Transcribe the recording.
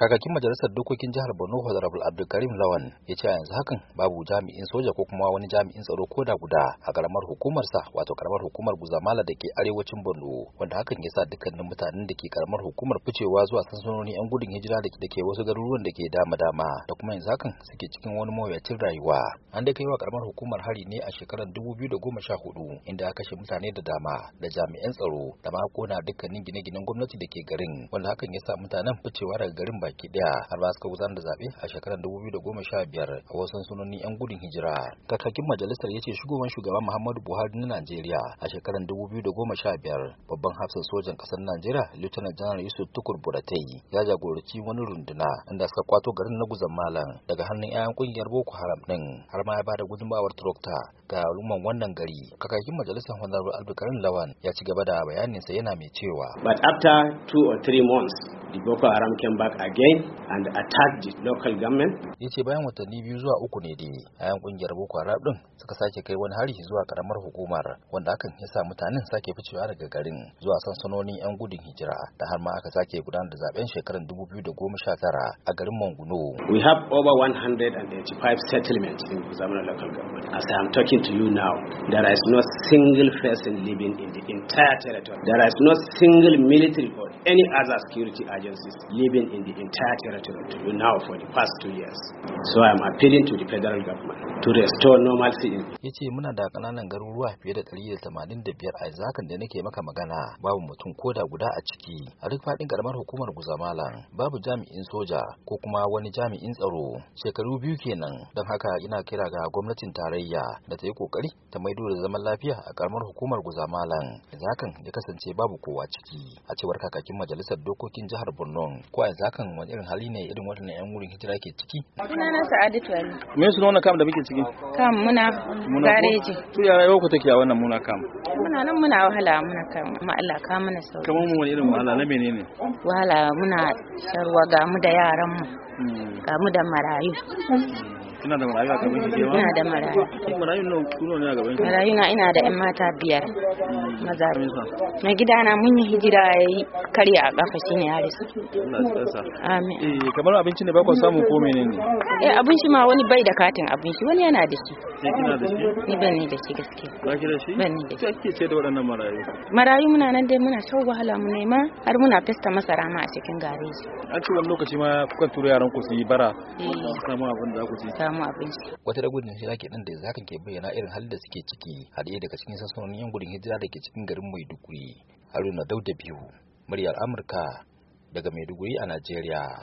kakakin majalisar dokokin jihar borno honorable abdulkarim lawan ya ce yanzu hakan babu jami'in soja ko kuma wani jami'in tsaro ko da guda a karamar hukumarsa wato karamar hukumar guzamala da ke arewacin borno wanda hakan ya sa dukkanin mutanen da ke karamar hukumar ficewa zuwa sansanonin yan gudun hijira da ke wasu garuruwan da ke dama dama da kuma yanzu hakan suke cikin wani mawuyacin rayuwa an da kai wa karamar hukumar hari ne a shekarar hudu, inda aka kashe mutane da dama da jami'an tsaro da ma kona dukkanin gine-ginen gwamnati da ke garin wanda hakan ya sa mutanen ficewa daga garin baki daya har ba suka gudanar da zaɓe a shekarar 2015 a wasan sansunonin 'yan gudun hijira. Kakakin majalisar ya ce shugaban shugaban Muhammadu Buhari na Najeriya a shekarar 2015 babban hafsan sojan ƙasar Najeriya Lieutenant General Yusuf Tukur Buratai ya jagoranci wani runduna inda suka kwato garin na Guzan Malam daga hannun 'ya'yan kungiyar Boko Haram ɗin. har ma ya da gudunmawar tractor ga al'umman wannan gari. Kakakin majalisar Honorable Abdulkarim Lawan ya ci gaba da bayaninsa yana mai cewa. But after two or three months the Boko Haram came back again and attacked the local government. Ya ce bayan watanni biyu zuwa uku ne dai ayan kungiyar Boko Haram din suka sake kai wani hari zuwa karamar hukumar wanda hakan ya sa mutanen sake ficewa daga garin zuwa sansanonin yan gudun hijira da har ma aka sake gudanar da zaben shekarar 2019 a garin Manguno. We have over 185 settlements in Zamana local government. As I am talking to you now, there is no single person living in the entire territory. There is no single military or any other security agent agencies living in the entire territory now for the past two years. So I appealing to the federal government to restore normalcy. Ya ce muna da ƙananan garuruwa fiye da 185 a zakan da nake maka magana babu mutum ko da guda a ciki a duk faɗin ƙaramar hukumar Guzamalan babu jami'in soja ko kuma wani jami'in tsaro shekaru biyu kenan don haka ina kira ga gwamnatin tarayya da ta yi ƙoƙari ta maido da zaman lafiya a ƙaramar hukumar Guzamala. zakan ya kasance babu kowa ciki a cewar kakakin majalisar dokokin jihar borno ko a zakan wani irin hali ne irin waɗannan yan wurin hijira ke ciki suna na Sa'adu ali me suna wannan kam da muke ciki kam muna gareji to ya rayuwar ku take a wannan muna kam muna nan muna wahala muna kam amma Allah ka mana sauki kamar mu wani irin wahala na menene wahala muna sharwa ga mu da yaran mu hmm. ga mu da marayu hmm. ina da marayu a gaban ki kewa ina da marayu marayu na kuno ne a gaban ki marayu na ina da yan mata biyar mm. maza na gida na mun yi hijira yayi karya a kafa shine ya amin eh kamar abincin da ba samu ko menene eh abin shi ma wani bai da katin abin shi wani yana da shi kina da shi ni ban ni da shi gaske ba ki da shi ban ni da shi kike ce da waɗannan marayu marayu muna nan dai muna shan wahala mu nema har muna fista masara ma a cikin gareji an ce wani lokaci ma kukan turo yaran ku su yi bara eh. samu abin da za ku ci samu abin shi wata da gudun shi zaki dan da zaka ke bayyana irin halin da suke ciki har haɗe daga cikin sassanonin yan gudun hijira da ke cikin garin Maiduguri Haruna Dauda Biyu muryar Amurka daga Maiduguri a Najeriya